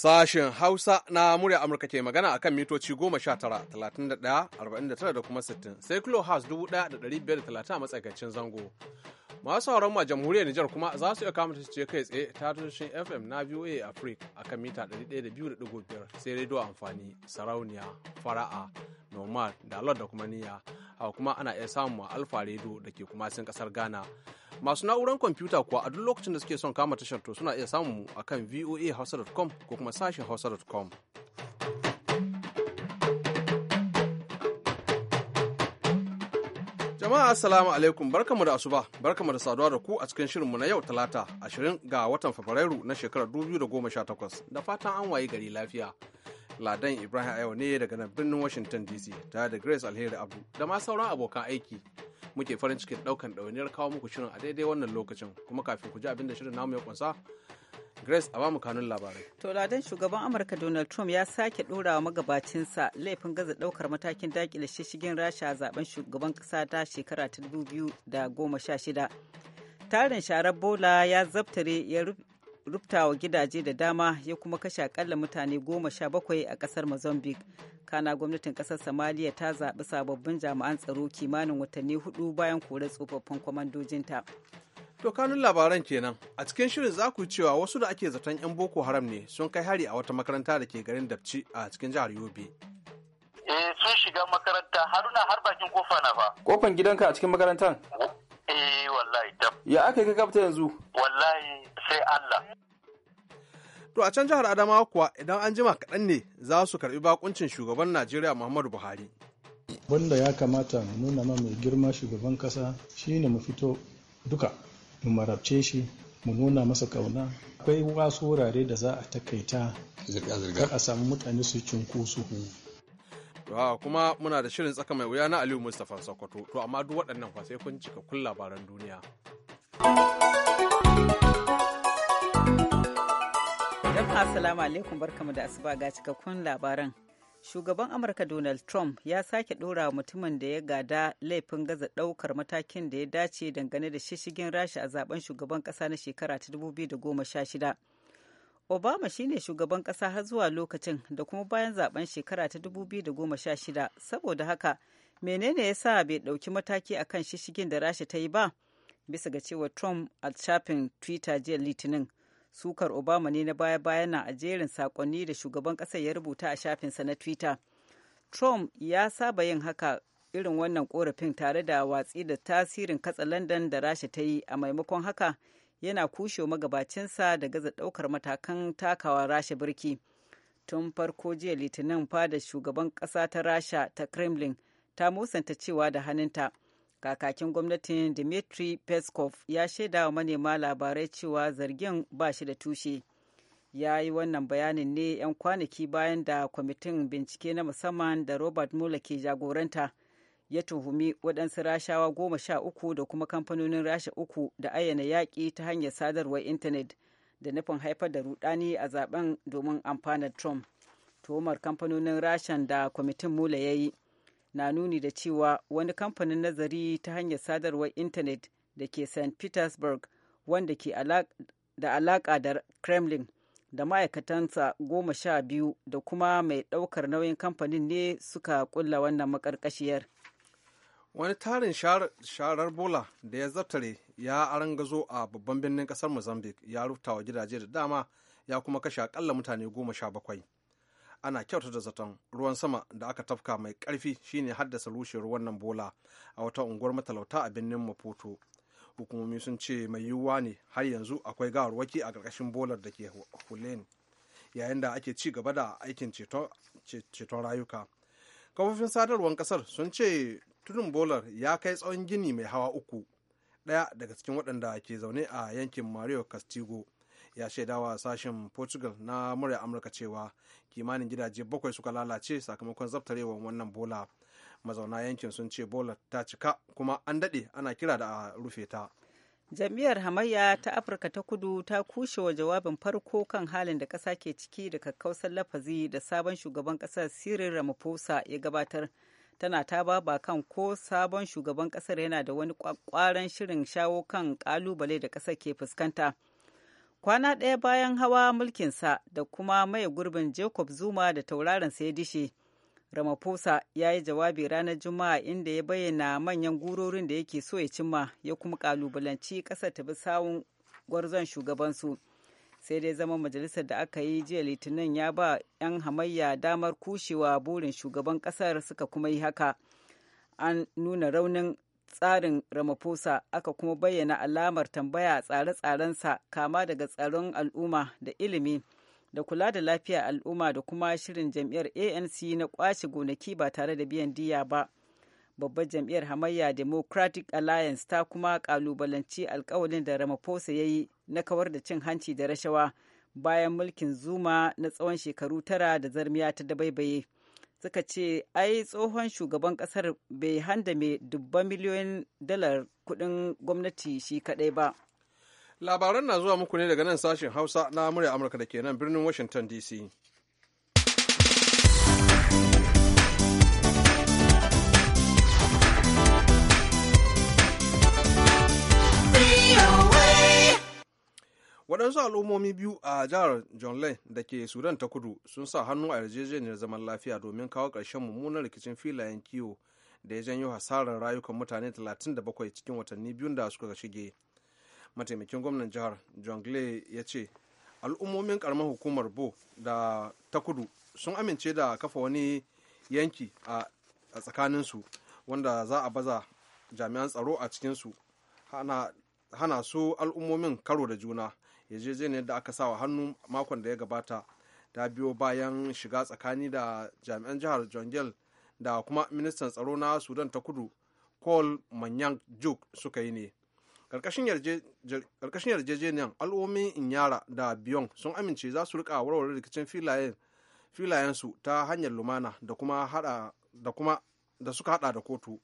Sashen Hausa na murya Amurka ke magana a kan mitoci 19,31,49 da kuma 60 sai kilohas 1,530 a matsakaicin zango. Masu sauran ma jamhuriyar Nijar kuma za su iya kama ce kai tsaye ta tushen FM na VOA Africa a kan mita 102.5 sai rediyo amfani sarauniya fara'a nomad da da kuma niya a kuma ana iya samun alfa rediyo da ke kuma sun kasar Ghana. Masu na'urar kwamfuta kuwa a duk lokacin da suke son kama tashar to suna iya samun mu a kan voahausa.com ko kuma sashen hausa.com. Jama'a assalamu alaikum barkamu da asuba barkamu da saduwa da ku a cikin shirinmu na yau talata 20 ga watan Fabrairu na shekarar 2018 da fatan an waye gari lafiya. Ladan Ibrahim Ayo ne daga nan birnin Washington DC tare da Grace Alheri Abu da ma sauran abokan aiki. Muke farin cikin ɗaukan ɗawainiyar kawo muku shirin a daidai wannan lokacin kuma kafin ku ji abin da shirin namu ya kunsa Grace a bamu kanun labarai. To ladan shugaban Amurka Donald Trump ya sake dora wa magabacinsa laifin gaza daukar matakin dakile shishigin Rasha a zaben shugaban kasa ta shekara ta shida Tarin sharar bola ya zabtare wa gidaje da dama ya kuma kashe akalla mutane goma sha bakwai a kasar mozambique kana gwamnatin kasar samaliya ta zaɓi sababbin jami'an tsaro kimanin watanni hudu bayan kore tsofaffin kwamandojinta to kanun labaran kenan a cikin shirin za ku cewa wasu da ake zaton 'yan boko haram ne sun kai hari a wata makaranta da ke garin dabci a cikin jihar yobe eh sun shiga makaranta haruna har bakin kofa na ba kofan gidanka a cikin makarantar eh. Eh wallahi Ya aka ka kafta yanzu? Wallahi sai Allah. To a can jihar Adamawa kuwa idan an jima kaɗan ne za su karɓi bakuncin shugaban Najeriya Muhammadu Buhari. Wanda ya kamata mu nuna ma mai girma shugaban ƙasa shine mu fito duka mu marabce shi mu nuna masa kauna akwai wasu wurare da za a takaita a samu mutane su cunkusu To ah, kuma muna da shirin tsaka mai wuya na Aliyu Mustapha Sokoto. To amma duk waɗannan fa sai kun cika kun labaran duniya. dan assalamu alaikum barkamu da asuba ga cikakkun labaran. Shugaban Amurka Donald Trump ya sake ɗora mutumin da ya gada laifin gaza ɗaukar matakin da ya dace dangane da shishigin rashi a zaben shugaban ƙasa na shekara ta 2016. Obama shine shugaban ƙasa har zuwa lokacin da kuma bayan zaben shekara ta 2016 saboda haka menene ya sa bai ɗauki mataki a kan shishigin da rasha ta yi ba bisa ga cewa Trump a shafin Twitter jiya Litinin. Sukar Obama ne na baya-bayan na a jerin sakonni da shugaban ƙasar ya rubuta a shafinsa na Twitter. Trump ya saba yin haka irin wannan korafin tare da watsi da tasirin katsa London da rasha ta yi a maimakon haka yana kushe magabacinsa da gaza ɗaukar matakan takawa rasha birki tun farko jiya litinin fada shugaban kasa ta rasha ta kremlin ta musanta cewa da hannunta kakakin gwamnatin dmitry peskov ya shaida wa manema labarai cewa zargin ba shi da tushe ya yi wannan bayanin ne 'yan kwanaki bayan da kwamitin bincike na musamman da robert mueller ke jagoranta ya tuhumi waɗansu rashawa goma sha uku da kuma kamfanonin rasha uku da ayyana yaƙi ta hanyar sadarwar intanet da nufin haifar da rudani a zaben domin amfana trump tuhumar kamfanonin rashan da kwamitin mula ya yi na nuni da cewa wani kamfanin nazari ta hanyar sadarwar intanet da ke st petersburg wanda ke da alaƙa da kremlin da ma'aikatansa goma sha biyu da kuma mai ɗaukar nauyin kamfanin ne suka ƙulla wannan makarƙashiyar. wani tarin sharar bola da ya zartare ya arangazo a babban birnin kasar mozambique ya rufta gidaje da dama ya kuma kashe akalla mutane goma sha bakwai ana kyauta da zaton ruwan sama da aka tafka mai karfi shine haddasa rushewar wannan bola a wata unguwar matalauta a birnin maputo hukumomi sun ce mai yiwuwa ne har yanzu akwai gawarwaki a ƙarƙashin bolar da ke hulen yayin da ake ci gaba da aikin ceton rayuka kafofin sadarwar ƙasar sun ce tudun bolar ya kai tsawon gini mai hawa uku ɗaya daga cikin waɗanda ke zaune a yankin mario castigo ya shaidawa sashen portugal na murya amurka cewa kimanin gidaje bakwai suka lalace sakamakon zaftarewar wannan bola mazauna yankin sun ce bola ta cika kuma an daɗe ana kira da a rufe ta jami'ar hamayya ta afirka ta kudu ta kushe wa jawabin farko kan halin da ƙasa ke ciki da kakkausar lafazi da sabon shugaban ƙasar cyril ramaphosa ya gabatar tana ta baba kan ko sabon shugaban kasar yana da wani kwakwaran shirin shawo kan kalubale da kasar ke fuskanta kwana ɗaya bayan hawa mulkinsa da kuma mai gurbin jacob zuma da tauraron ya dishe ramaphosa ya yi jawabi ranar juma'a inda ya bayyana manyan gurorin da yake so ya cimma ya kuma kalubalanci kasar ta bi sawun gwarzon shugabansu sai dai zaman majalisar da aka yi jiya litinin ya ba 'yan hamayya damar kushewa burin shugaban kasar suka kuma yi haka an nuna raunin tsarin ramaphosa aka kuma bayyana alamar tambaya tsare-tsarensa kama daga tsaron al'umma da ilimi da kula da lafiya al'umma da kuma shirin jam'iyyar anc na kwashe gonaki ba tare da biyan diya ba babbar jam'iyyar hamayya democratic alliance ta kuma kalubalanci alkawalin da ramaphosa ya yi na kawar da cin hanci da rashawa bayan mulkin zuma na tsawon shekaru tara da zarmiya ta dabaibaye suka ce ai tsohon shugaban kasar bai handame dubban miliyoyin dalar kudin gwamnati shi kaɗai ba labaran na zuwa muku ne daga nan sashen hausa na murya amurka da ke nan birnin washington dc waɗansu al'ummomi biyu a jihar lane da ke sudan ta kudu sun sa hannu a yarjejeniyar zaman lafiya domin kawo ƙarshen mummunan rikicin filayen kiwo da ya janyo hasarar rayukan mutane 37 cikin watanni biyun da suka shige mataimakin gwamnan jihar jonglei ya ce al'ummomin karamar hukumar bo da ta kudu sun amince da kafa wani yanki a tsakaninsu wanda za a baza jami'an tsaro a cikinsu hana su al'ummomin karo da juna yarjejeniyar da aka sawa hannu makon da ya gabata ta biyo bayan shiga tsakani da jami'an jihar jongel da kuma ministan tsaro na sudan ta kudu col manyan juk suka yi ne karkashin yarjejeniyar al'ummin inyara da biyon sun amince za su rika warware rikicin filayensu ta hanyar lumana da kuma da suka hada da kotu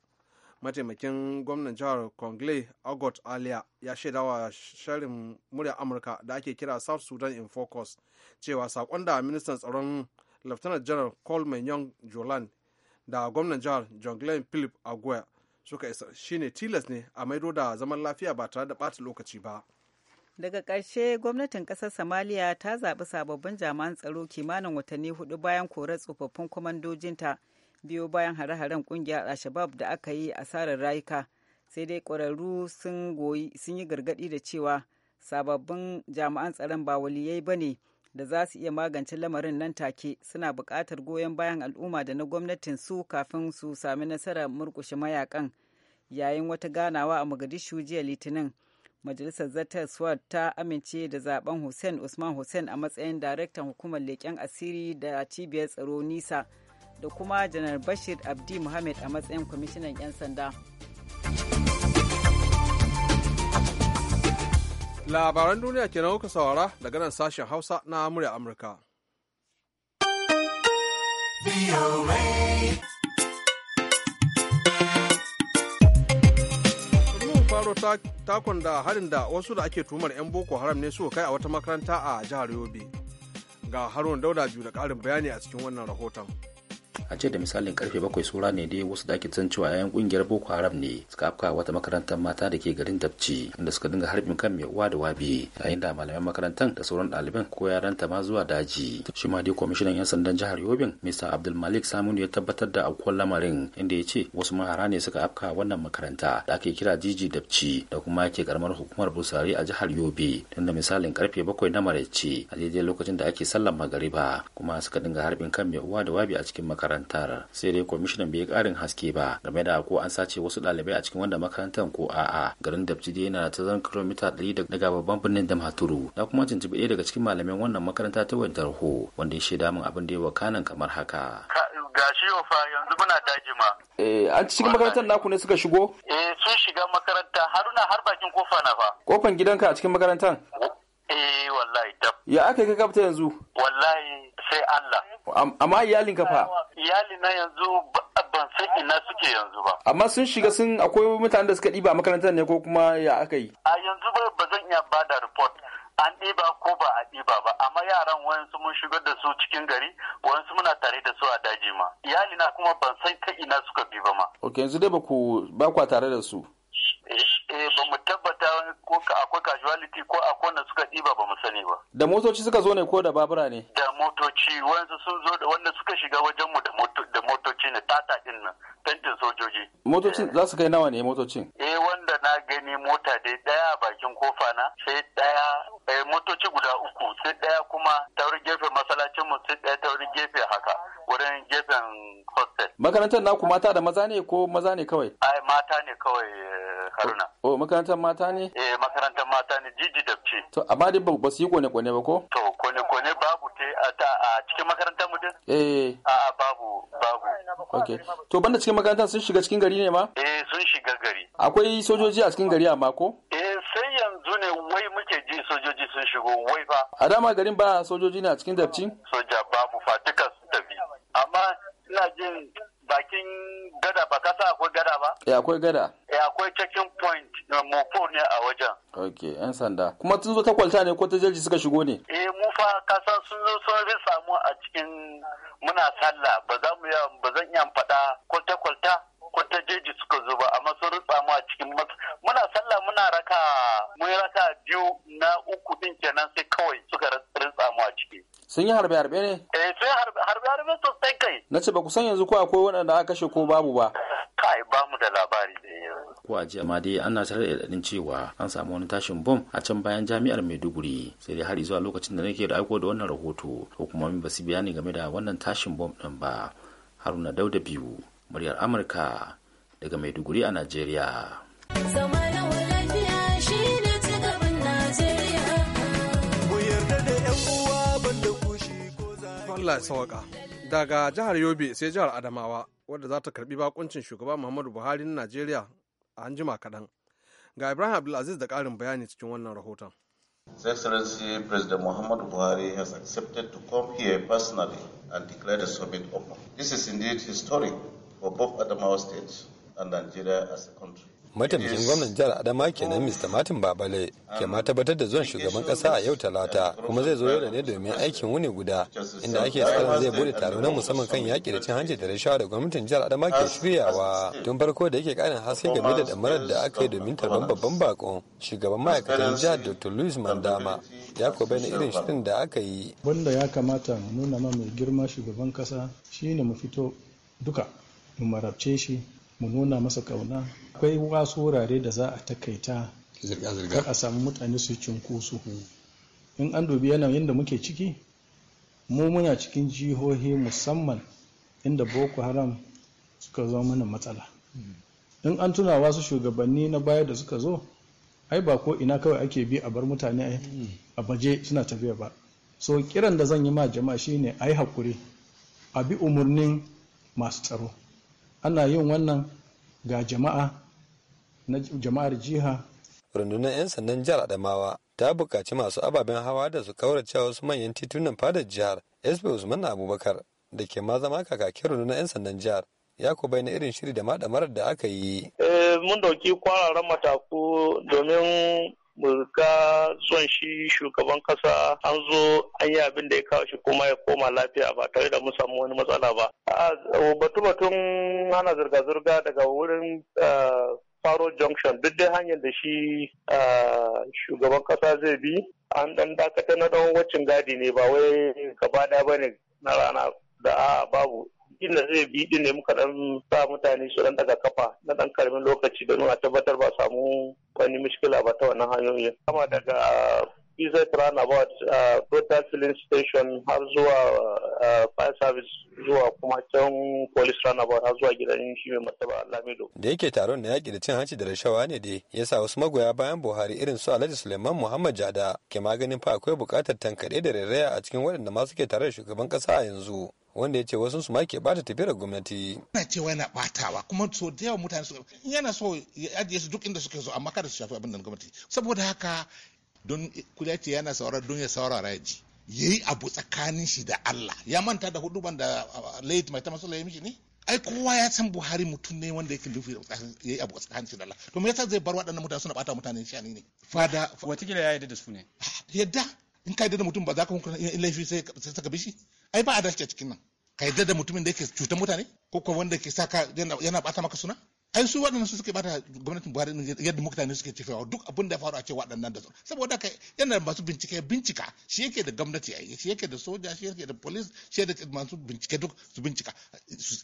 mataimakin gwamnan jihar congle agot alia ya shaida wa shirin murya amurka da ake kira south sudan in focus cewa sakon da ministan tsaron lieutenant general coleman young jolan da gwamnan jihar john glenn philip aguirre suka isa shine tilas ne a maido da zaman lafiya ba tare da bata lokaci ba daga ƙarshe gwamnatin ƙasar samaliya ta zaɓi sababbin jami'an tsaro kimanin watanni hudu bayan korar tsofaffin kwamandojinta. biyo bayan hare-haren kungiyar al-shabab da aka yi asarar rayuka sai dai ƙwararru sun yi gargaɗi da cewa sababbin jami'an tsaron ba waliyai ba ne da za su iya magance lamarin nan take suna buƙatar goyon bayan al'umma da na gwamnatin su kafin su sami nasarar murkushe mayakan yayin wata ganawa a mogadishu jiya litinin majalisar zartar swat ta amince da zaben hussein usman hussein a matsayin daraktan hukumar leƙen asiri da cibiyar tsaro nisa da kuma janar bashir abdi muhammad a matsayin kwamishinan 'yan sanda labaran duniya kenan kuka saurara daga nan sashen hausa na murya amurka faro takon da harin da wasu da ake tumar 'yan boko haram ne suka kai a wata makaranta a jihar yobe ga haruna dauda biyu da ƙarin bayani a cikin wannan rahoton a ce da misalin karfe bakwai sura ne dai wasu da ake san cewa yayan kungiyar boko haram ne suka afka wata makarantar mata da ke garin dabci inda suka dinga harbin kan mai uwa da wabi yayin da malaman makarantar da sauran ɗaliban ko yaran ta ma zuwa daji shi ma dai kwamishinan yan sandan jihar yobin mr abdulmalik saminu ya tabbatar da aukuwar lamarin inda ya ce wasu mahara ne suka afka wannan makaranta da ake kira jiji dabci da kuma ake karamar hukumar busari a jihar yobe tunda misalin karfe bakwai na maraice a daidai lokacin da ake sallar magariba kuma suka dinga harbin kan mai uwa da wabi a cikin makaranta makarantar sai dai kwamishinan bai karin haske ba game da ko an sace wasu ɗalibai a cikin wanda makarantar ko a'a garin dabci yana ta zan kilomita ɗari daga babban birnin damaturu na kuma tuntuɓi ɗaya daga cikin malamin wannan makaranta ta wayar ho wanda ya shaida min abin da ya wakanan kamar haka. gashi shi fa yanzu muna daji ma. Eh, an cikin makarantar naku ne suka shigo? Eh, sun shiga makaranta haruna har bakin kofa na fa. Kofan gidanka a cikin makarantar? Eh, wallahi tab. Ya aka yi ka yanzu? Wallahi sai Allah. Amma iyalin ka fa? Iyali na yanzu ban san ina suke yanzu ba. Amma sun shiga sun akwai mutanen da suka ɗiba makarantar ne ko kuma ya aka yi? A yanzu ba zan iya ba da report. An ɗiba ko ba a ɗiba ba, amma yaran wayansu mun shigar da su cikin gari, wayansu muna tare da su a daji ma. Iyali na kuma ban san ta ina suka bi ba ma. Ok, yanzu dai ba ku ba kwa tare da su. Eh, eh, ba mu tabbata ko akwai casualty ko akwai wanda suka ɗiba ba mu sani ba da motoci suka zo ne ko da babura ne da motoci wanda sun zo da wanda suka shiga wajen mu da motoci ne tata din nan tantin sojoji motocin za su kai nawa ne motocin eh wanda na gani mota dai daya bakin kofa na sai daya eh, motoci guda uku sai daya kuma ta wurin gefe masallacin mu sai daya ta wurin gefe haka wurin gefen hostel makarantar naku mata da maza ne ko maza ne kawai a O oh, makarantar mata ne? Eh makarantar mata ne jiji da ce. To amma dai ba su yi kone-kone ba ko? To kone-kone babu te a cikin makarantar mu din? Eh. A babu babu. Okay. To banda cikin makarantar sun shiga cikin gari ne ma? Eh sun shiga gari. Akwai sojoji a cikin gari amma ko? Eh sai yanzu ne wai muke ji sojoji sun shigo wai ba. A dama garin ba sojoji ne a cikin dabci? Soja babu fatika duka sun tafi. Amma ina jin bakin gada ba kasa akwai gada ba? Eh akwai gada. da ne a wajen. Ok, ‘yan sanda. Kuma sun zo ta kwalta ne ko ta jeji suka shigo ne? Eh, mu fa kasan sun zo sun rin samu a cikin muna sallah ba za mu ba zan iya faɗa kwalta-kwalta ko ta jeji suka zo ba amma sun rin samu a cikin muna sallah muna raka mun raka biyu na uku din kenan sai kawai suka rin samu a ciki. Sun yi harbe-harbe ne? Eh, sun yi harbe-harbe sosai kai. Na ce ba ku san yanzu ko akwai waɗanda aka kashe ko babu ba. ko a jiya ma dai ana sanar da cewa an samu wani tashin bom a can bayan jami'ar maiduguri sai dai har zuwa lokacin da nake da aiko da wannan rahoto ko min ba su bayani game da wannan tashin bom din ba haruna dauda biyu muryar amurka daga maiduguri a najeriya Allah sawaka daga jihar Yobe sai jihar Adamawa wadda za ta karbi bakuncin shugaba Muhammadu Buhari na Najeriya an jima kaɗan ga ibrahim abdulaziz da ƙarin bayani cikin wannan rahoton His Excellency President Muhammad Buhari has accepted to come here personally and declare the summit open. This is indeed historic for both Adamawa State and Nigeria as a country. mataimakin gwamnan jihar adama kenan mr martin babale ke ma tabbatar da zuwan shugaban kasa a yau talata kuma zai zo da ne domin aikin wuni guda inda ake tsarin zai bude taro na musamman kan yaƙi da cin hanci da rashawa da gwamnatin jihar adama ke shiryawa tun farko da yake karin haske game da damarar da aka yi domin tarban babban bakon shugaban ma'aikatan jihar dr louis mandama ya ko na irin shirin da aka yi wanda ya kamata mu nuna ma mai girma shugaban kasa shine mu fito duka mu marabce shi mu nuna masa kauna akwai wasu wurare da za a takaita kar a samu mutane su cunkoso in an dubi yanayin da muke ciki mu muna cikin jihohi musamman inda boko haram suka zo mana matsala in an tuna wasu shugabanni na baya da suka zo ai ba ko ina kawai ake bi a bar mutane a baje suna tafiya ba so kiran da zan yi ma jama'a shine ai hakuri a bi umarnin masu tsaro ana yin wannan ga jama'a na jama'ar jiha rundunar 'yan sandan jihar adamawa ta buƙaci masu ababen hawa da su kaurace wasu manyan titunan fadar jihar sb usman abubakar da ke ma zama kakakin rundunar 'yan sandan jihar ya ku bayyana irin shiri da maɗamarar da aka yi. Eh, mun dauki kwararan mataku domin mu ga son shi shugaban kasa an zo an yi abin da ya kawo shi kuma ya koma lafiya ba tare da mu samu wani matsala ba. batu batun hana zirga-zirga daga wurin eh, faro junction duk dai hanyar da shi shugaban kasa zai bi an dan dakata na dan wacin gadi ne ba wai gaba da ba ne na rana da a babu inda zai bi din ne muka dan sa mutane su dan daga kafa na dan karamin lokaci domin a tabbatar ba samu wani mishkila ba ta wannan hanyoyin kama daga Izai Turanabout uh, Brutal Filling Station har zuwa uh, Fire Service zuwa kuma can Police Runabout har zuwa gidan shi mai martaba Lamido. Da yake taron na yaƙi da cin hanci da rashawa ne dai ya sa wasu magoya bayan Buhari irin su Alhaji Suleiman Muhammad Jada ke maganin fa akwai buƙatar tankaɗe da rairaya a cikin waɗanda ma suke tare da shugaban ƙasa a yanzu. wanda ya ce wasu su ma ke bata tafiyar gwamnati. Yana cewa yana batawa kuma so da yawan mutane su yana so ya ajiye su duk inda suke so amma kada su shafi abin da gwamnati. Saboda haka don kuda ce yana saurara don ya saurara ya ji ya yi abu tsakanin shi da Allah ya manta da hudu da ah, late mai ta masala ya mishi ne ai kowa ya san Buhari mutum ne wanda yake nufi ya yi abu tsakanin shi da Allah to me yasa zai bar waɗannan mutane suna bata mutane shi ne fada watakila ya yi da su ne ah, yadda in ka yi da mutum ba za ka hukunta in laifi sai ka bi shi ai ba a dace cikin nan ka yi da mutumin da yake cutar mutane ko kuwa wanda ke sa ka yana bata maka suna ai su waɗannan su suke bata gwamnatin buhari yadda mutane suke tafiya duk abin da faru a ce waɗannan da su saboda ka yana masu bincike bincika shi yake da gwamnati a shi yake da soja shi yake da police shi yake da masu bincike duk su bincika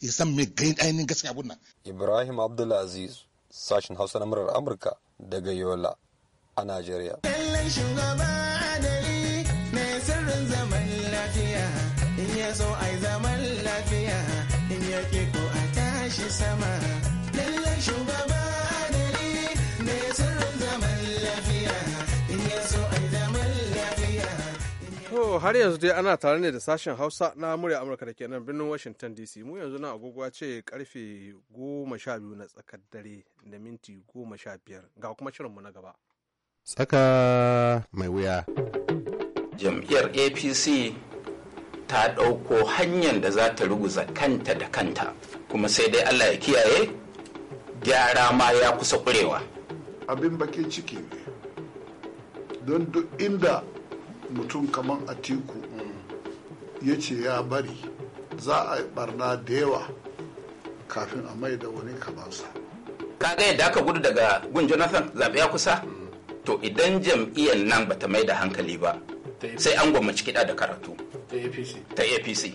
ya san me ainihin gaskiya abun nan ibrahim abdulaziz sashin hausa na murar amurka daga yola a najeriya kallon shugaba adali mai sirrin zaman lafiya in ya so ai zaman lafiya in ya ko a tashi sama har yanzu dai ana tare ne da sashen Hausa na murya Amurka da ke nan birnin Washington DC. Mu yanzu na agogwa ce karfe goma sha biyu na tsakar dare da minti goma sha biyar ga kuma shirinmu na gaba. Tsaka mai wuya. Jam'iyyar APC ta ɗauko hanyar da za ta ruguza kanta da kanta kuma sai dai Allah ya kiyaye gyara ma ya kusa ƙurewa. Abin bakin ciki ne don duk inda mutum kamar atiku ya ce ya bari za a barna da yawa kafin a mai da wani kamansa kaga yadda aka gudu daga gun jonathan zaɓe ya kusa to idan jam'iyyar nan ba ta mai da hankali ba sai an gwammaci kiɗa da karatu ta apc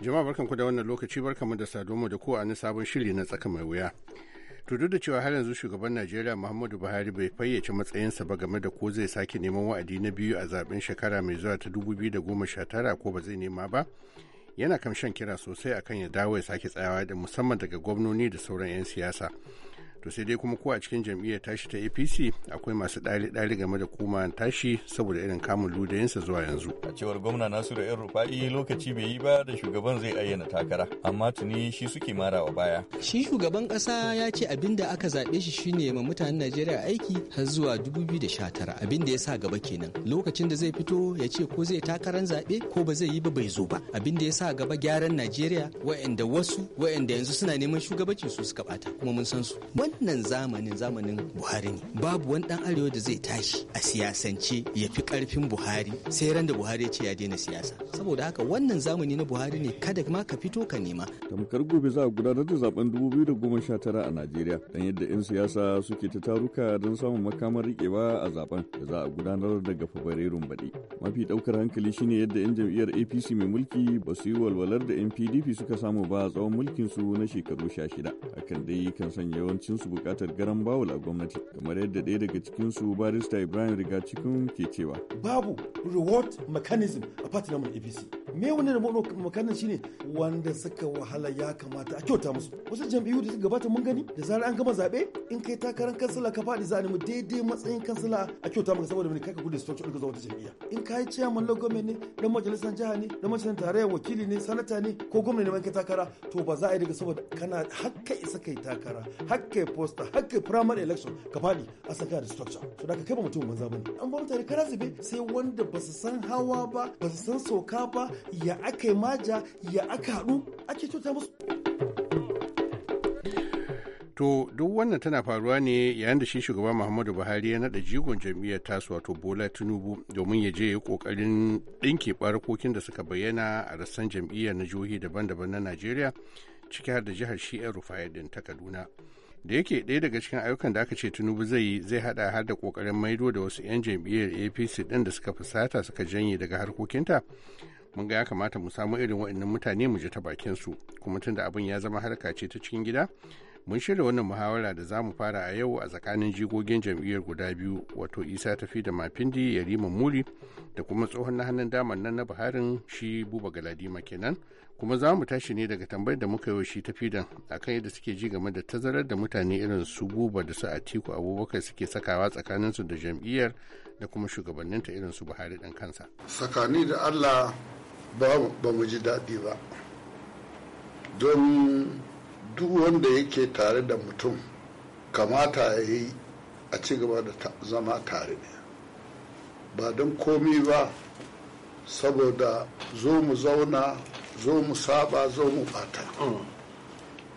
jama'a barkanku da wannan lokaci barkanmu da saduwa da ku a sabon shiri na tsaka mai wuya to da cewa har yanzu shugaban najeriya muhammadu buhari bai fayyace matsayinsa ba game da ko zai sake neman wa'adi na biyu a zaben shekara mai zuwa ta 2019 ko ba zai nema ba yana kamshan kira sosai akan ya dawo ya sake tsayawa da musamman daga gwamnoni da sauran 'yan siyasa to sai dai kuma ko a cikin jam'iyyar tashi ta apc akwai masu ɗari-ɗari game da kuma tashi saboda irin kamun ludayinsa zuwa yanzu a cewar gwamna nasiru yan rufa'i lokaci bai yi ba da shugaban zai ayyana takara amma tuni shi suke marawa baya shi shugaban kasa ya ce abin da aka zaɓe shi shine ma mutanen najeriya aiki har zuwa 2019 abin da ya sa gaba kenan lokacin da zai fito ya ce ko zai takarar zaɓe ko ba zai yi ba bai zo ba abin da ya sa gaba gyaran najeriya wa'anda wasu wa'anda yanzu suna neman shugabancin su suka bata kuma mun san su wannan zamanin zamanin buhari ne babu wani dan arewa da zai tashi a siyasance ya fi karfin buhari sai ran da buhari ya ce ya daina siyasa saboda haka wannan zamani na buhari ne kada ma ka fito ka nema tamkar gobe za a gudanar da zaben 2019 a najeriya dan yadda 'yan siyasa suke ta taruka don samun makamar rikewa a zaben da za a gudanar daga fabrairun baɗi mafi ɗaukar hankali shine yadda 'yan jam'iyyar apc mai mulki ba su yi walwalar da npdp suka samu ba a tsawon su na shekaru 16 hakan dai kan sanya yawancin su bukatar garan bawul a gwamnati kamar yadda ɗaya daga cikinsu barista ibrahim riga cikin ke cewa babu reward mechanism a part na apc me wani reward mechanism shine wanda suka wahala ya kamata a kyauta musu wasu jam'iyyu da suka gabata mun gani da zarar an gama zaɓe in kai takarar kansila ka faɗi za a nemi daidai matsayin kansila a kyauta maka saboda kai ka gudu structure ɗin zuwa wata jam'iyya in ka yi ciyaman logomen ne dan majalisar jiha ne dan majalisar tarayyar wakili ne sanata ne ko gwamnati ne kai takara to ba za a yi daga saboda kana hakka isa kai takara hakka kai posta har kai primary election ka fadi a saka da structure so daga kai ba mutum banza bane an ba mutane kara zube sai wanda ba su san hawa ba ba su san soka ba ya aka maja ya aka haɗu ake cuta musu To duk wannan tana faruwa ne yayin da shi shugaba Muhammadu Buhari ya naɗa jigon jam'iyyar tasu wato Bola Tinubu domin ya je ya kokarin ɗinke barkokin da suka bayyana a rassan jam'iyyar na jihohi daban-daban na Najeriya ciki har da jihar Shi'a Rufai din ta Kaduna. da yake ɗaya daga cikin ayyukan da aka ce tinubu zai yi zai hada har da kokarin maido da wasu 'yan jam'iyyar apc ɗin da suka fusata suka janye daga harkokinta mun ga ya kamata mu samu irin waɗannan mutane mu ji ta bakin su kuma tunda abin ya zama harka ce ta cikin gida mun shirya wannan muhawara da za mu fara a yau a tsakanin jigogin jam'iyyar guda biyu wato isa tafi da mafindi yarima muri da kuma tsohon na hannun daman nan na buharin shi buba galadima kenan kuma za mu tashi ne daga tambayar da muka yi wa shi a akan yadda suke ji game da tazarar da mutane irin su guba da su atiku abubakar suke sakawa tsakanin su da jam'iyyar da kuma shugabannin ta irin su buhari ɗan kansa tsakani da allah ba mu ji daɗi ba don duk wanda yake tare da mutum kamata ya yi a ci gaba da zama tare ne ba don komi ba saboda zo mu zauna zo mu saba zo mu bata mm.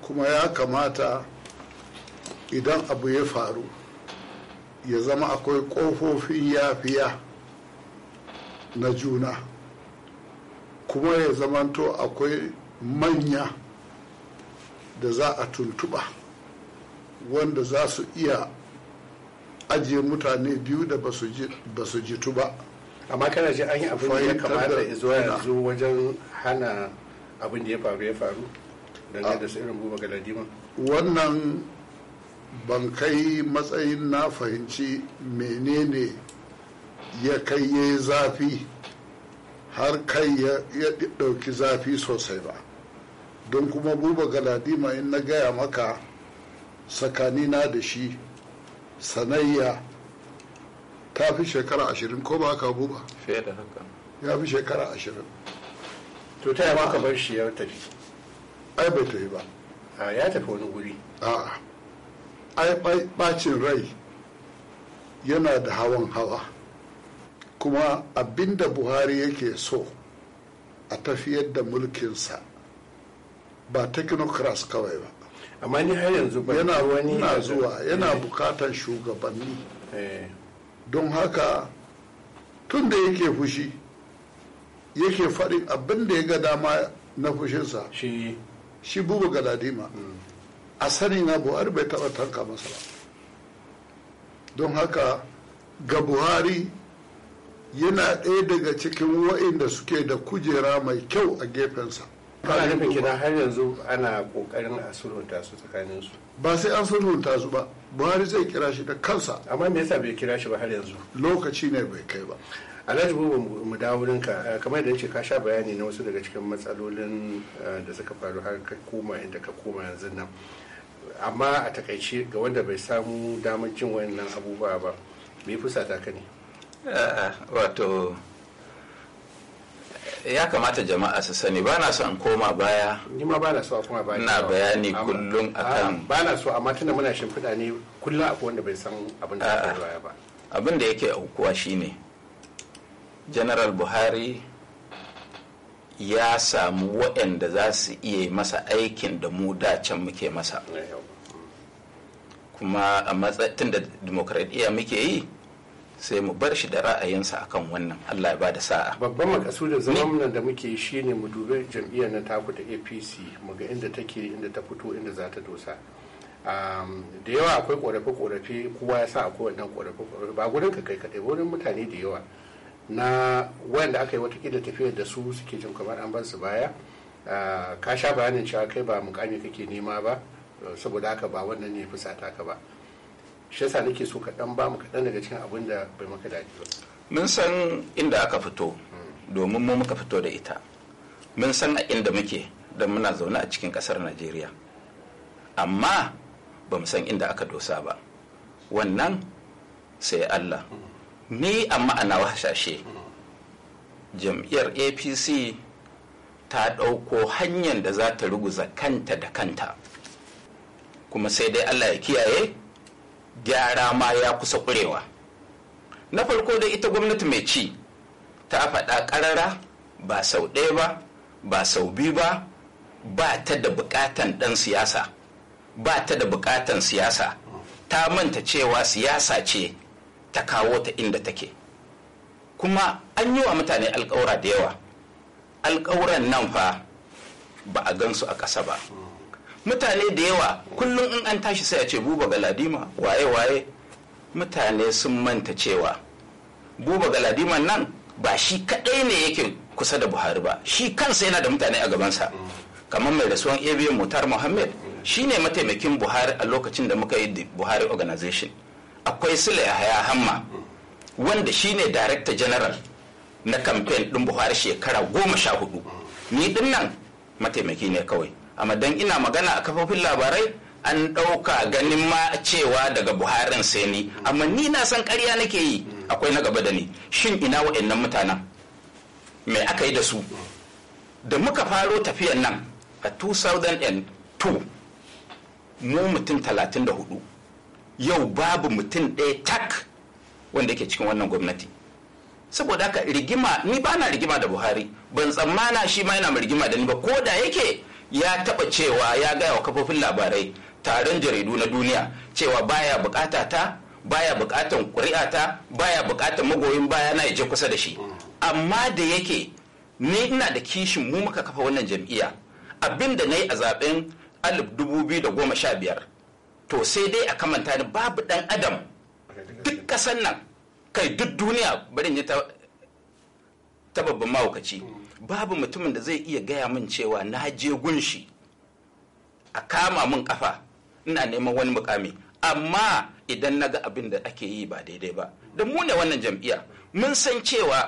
kuma ya kamata idan abu ya faru ya zama akwai ƙofofin yafiya na juna kuma ya zamanto akwai manya da za a tuntuɓa wanda za su iya ajiye mutane biyu da ba su jitu ba amma kana ji an yi abin da ya kamata ya zo yanzu wajen hana abin da ya faru ya faru dangane ah. da su irin buba galadima wannan ban kai matsayin na fahimci menene ya kai ya yi zafi har kai ya ɗauki zafi sosai ba don kuma buba galadima in na gaya maka tsakanina da shi sanayya ta fi shekara ashirin ko ba ka buba ya fi shekara ashirin to ta ma ka bar shi ya tafi ai bai tafi ba a ya tafi wani guri a'a ai bacin rai yana da hawan hawa kuma abinda buhari yake so a tafiyar da mulkinsa ba technocrats kawai ba amma ni har yanzu ba yana wani na zuwa yana eh. bukatar shugabanni eh. don haka tun da yake fushi yake faɗin abin da ya ga dama na fushinsa shi bubu galadima mm. a sani na buhari bai taɓa tanka masa don haka ga buhari yana ɗaya daga cikin wa'inda suke da kujera mai kyau a gefensa ana nufin kina har yanzu ana ƙoƙarin a sulhunta su tsakanin su ba sai an sulhunta su ba buhari zai kira shi da kansa amma me yasa bai kira shi ba har yanzu lokaci ne bai kai ba alhaji buba mu dawo wurinka eh, kamar da ce ka sha bayani na wasu daga cikin matsalolin eh, da suka faru har ka koma inda ka koma yanzu nan amma a takaice ga wanda bai samu damar jin wannan abubuwa ba me fusata ka ne eh, wato ya kamata jama'a su sani ba na so an koma baya ni ma ba na so a koma baya na bayani kullum akan ba na so amma tunda muna shimfiɗa ne kullum akwai wanda bai san abin da ya faru ba abin da yake aukuwa shine general buhari ya samu waɗanda za su iya masa aikin da mu can muke masa kuma a matsayin da demokradiyya muke yi sai mu bar shi da ra'ayinsa akan wannan allah ya ba da sa'a babban makasudin zaman nan da muke shi ne mu dubi jam'iyyar na taku da apc mu ga inda take inda ta fito inda za ta dosa da yawa akwai korafe korafe kowa ya sa akwai wannan korafe korafe ba gurin ka kai kaɗai wurin mutane da yawa na wanda aka yi watakila tafiyar da su suke jin kamar an ban su baya ah, ka sha bayanin cewa kai ba mukami kake nema ba saboda haka ba wannan ne fusata ka ba shi yasa nake so ka dan mu kaɗan daga cikin abin da bai maka dadi ba mun san inda aka fito domin mu muka fito da ita mun san a inda muke da muna zaune a cikin kasar najeriya amma ba mu san inda aka dosa ba wannan sai allah ni amma ana hasashe jam'iyyar apc ta ɗauko hanyar da za ta ruguza kanta da kanta kuma sai dai allah ya kiyaye gyara ma ya kusa ƙurewa na farko dai ita gwamnati mai ci ta faɗa ƙarara ba sau ɗaya ba ba sau biyu ba ba ta da buƙatan ɗan siyasa ba ta da buƙatan siyasa ta manta cewa siyasa ce ta kawo ta inda take kuma an yi wa mutane alkawura da yawa alkawuran nan fa ba a gansu a ƙasa ba mutane da yawa kullum in an tashi sai a ce buba galadima waye-waye mutane sun manta cewa buba galadima nan ba shi kaɗai ne yake kusa da buhari ba shi kansa yana da mutane a gabansa kamar mai rasuwan abm mutar muhammad shi ne mataimakin buhari a lokacin da muka yi buhari organization akwai sule haya hamma wanda shine director general na kamfen ɗin buhari shekara goma sha hudu ni ɗin nan mataimaki ne kawai amma dan ina magana a kafofin labarai an ɗauka ganin ma cewa daga buharin sai ni amma ni na san karya nake yi akwai na gaba da ni shin ina wa'annan mutanen mai aka yi da su da muka faro tafiyan nan a 2002 mu mutum 34 yau babu mutum ɗaya tak wanda yake cikin wannan gwamnati saboda haka rigima ni ba na rigima da buhari ban tsammana shi ma yana rigima da ni ba ko da yake ya taɓa cewa ya gaya wa kafofin labarai taron jaridu na duniya cewa baya bukata ta baya bukatan ƙuri'a ta baya bukatan magoyin baya na je kusa da shi amma da yake ni ina da kishin mu muka kafa wannan jam'iyya abin da na yi a zaben 2015 to sai dai a kamanta ni babu dan adam duk kasan nan kai duk duniya barin ya ta babban mahaukaci babu mutumin da zai iya gaya min cewa na je gunshi a kama min kafa ina neman wani mukami amma idan na ga abin da ake yi ba daidai ba da mu ne wannan jam'iyya mun san cewa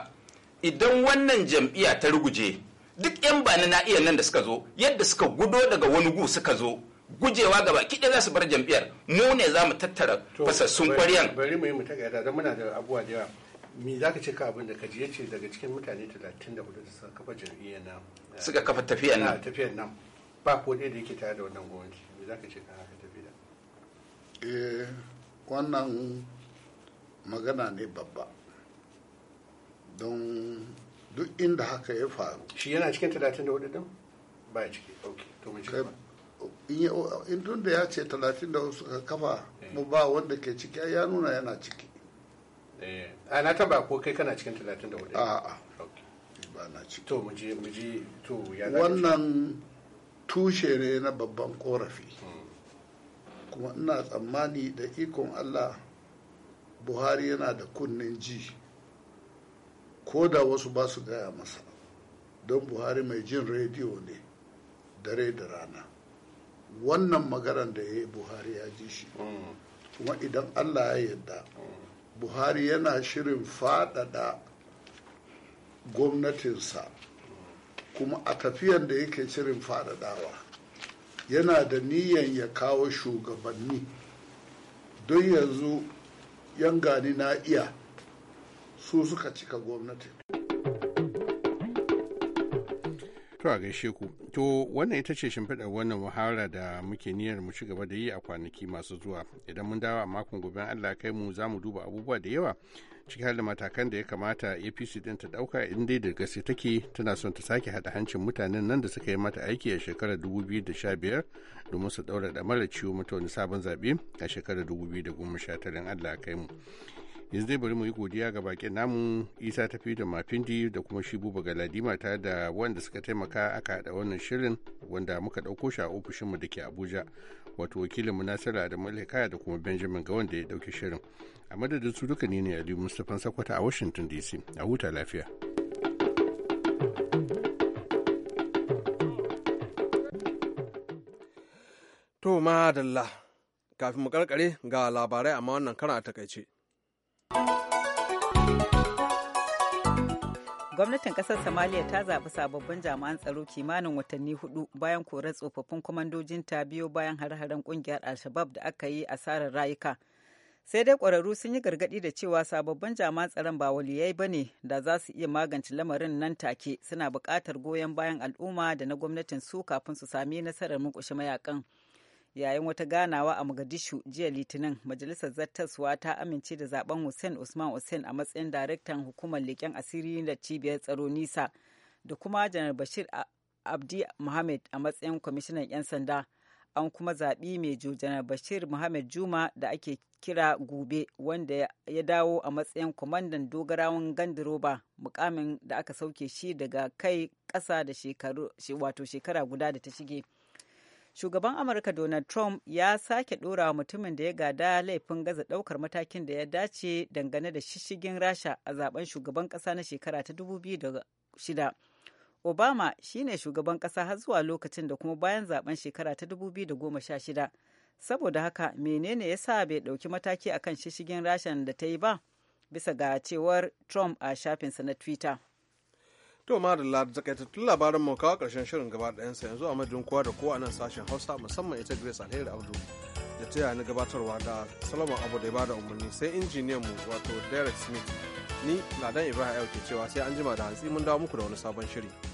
idan wannan jam'iya ta ruguje duk 'yan bani na iya nan da suka zo yadda suka gudo daga wani gu suka zo gujewa gaba kiɗe za su bar jam'iyyar mu ne za mu tattara fasassun ƙwaryan bari mu yi mu tagaya da muna da abubuwa da yawa mi za ka ce ka abin da ka jiye ce daga cikin mutane 34 da suka kafa jam'iyyar nan suka kafa tafiyar nan ah, tafiyar nan ba ko ɗaya da yake tare da wannan gwamnati mi za ka ce ka haka tafi da eh wannan magana ne babba don duk inda haka ya faru shi yana cikin 34 din ba ciki ok to mu ci in tun da ya ce talatin da suka kafa eh. mu ba wanda ke ciki ya nuna yana ciki eh, a na taba ko kai kana cikin talatin da a a'a ba na ciki to mu je mu je to ya wannan tushe ne na babban korafi hmm. kuma ina tsammani da ikon Allah Buhari yana da kunnen ji ko da wasu ba su gaya masa don Buhari mai jin rediyo ne dare da rana wannan magaran da ya yi buhari ya ji shi kuma idan allah ya yadda buhari yana shirin faɗaɗa gwamnatinsa kuma a tafiyan da yake shirin faɗaɗawa yana da niyan ya kawo shugabanni don yanzu yan gani na iya su suka cika gwamnatin To a gaishe ku. To wannan ita ce shimfiɗar wannan muhawara da muke niyyar mu ci gaba da yi a kwanaki masu zuwa. Idan mun dawo a makon gobe Allah kai mu za mu duba abubuwa da yawa ciki har da matakan da ya kamata APC ɗin ta ɗauka in dai da gaske take tana son ta sake haɗa hancin mutanen nan da suka yi mata aiki a shekarar biyar domin su ɗaura mara ciwo mutane sabon zaɓe a shekarar 2019 Allah kai mu. yanzu dai bari mu yi godiya ga bakin namu isa tafi da mafindi da kuma shi buba ladi mata da wanda suka taimaka aka hada wannan shirin wanda muka dauko shi a ofishinmu da ke abuja wato wakilin mu nasara da malika da kuma benjamin ga wanda ya dauke shirin a madadin su duka ne ne ali mustapha sakwata a washington dc a huta lafiya to madalla kafin mu karkare ga labarai amma wannan karan a takaice gwamnatin ƙasar somaliya ta zaɓi sababbin jami'an tsaro kimanin watanni hudu bayan korar tsofaffin ta biyo bayan hare-haren kungiyar al-shabab da aka yi asarar rayuka sai dai ƙwararru sun yi gargaɗi da cewa sababbin jami'an tsaron ba waliyai ba ne da za su iya magance lamarin nan take suna buƙatar goyon bayan al'umma da na gwamnatin su kafin su sami nasarar mukushi mayakan. yayin wata ganawa a mogadishu jiya litinin majalisar zattaswa ta amince da zaben hussein usman hussein a matsayin daraktan hukumar leken asiri da cibiyar tsaro nisa da kuma janar bashir abdi muhammad a matsayin kwamishinan 'yan sanda an kuma zaɓi mai jo janar bashir muhammad juma da ake kira gobe wanda ya dawo a matsayin kwamandan dogarawan gandiroba mukamin da aka sauke shi daga kai ƙasa da shekara guda da ta shige. shugaban amurka donald trump ya sake ɗora mutumin da ya gada laifin gaza ɗaukar matakin da ya dace dangane da shishigin rasha a zaben shugaban ƙasa na shekara ta 2006 obama shine shugaban ƙasa har zuwa lokacin da kuma bayan zaben shekara ta 2016 saboda haka menene ya sa bai ɗauki mataki akan shishigin rashan da ta yi ba bisa ga cewar trump a shafinsa na twitter To ma da takaitattun labaran mu kawo karshen shirin gaba sa yanzu a madadin kowa da kowa nan sashen Hausa musamman ita Grace Alheri Abdu da ta na gabatarwa da salama Abu da ba da umarni sai injiniyan mu wato Derek Smith ni Ladan Ibrahim Ayo ke cewa sai an jima da hantsi mun dawo muku da wani sabon shiri.